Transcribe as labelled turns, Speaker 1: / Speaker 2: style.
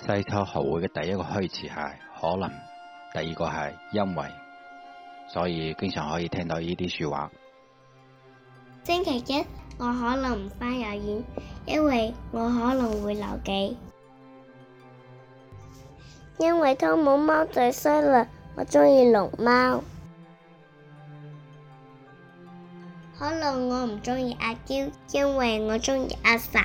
Speaker 1: 西郊學會嘅第一個虛詞係可能，第二個係因為，所以經常可以聽到呢啲說話。星期一我可能唔返幼兒園，因為我可能會留記。因為湯姆貓最衰啦，我鍾意龍貓。可能我唔鍾意阿嬌，因為我鍾意阿 sa。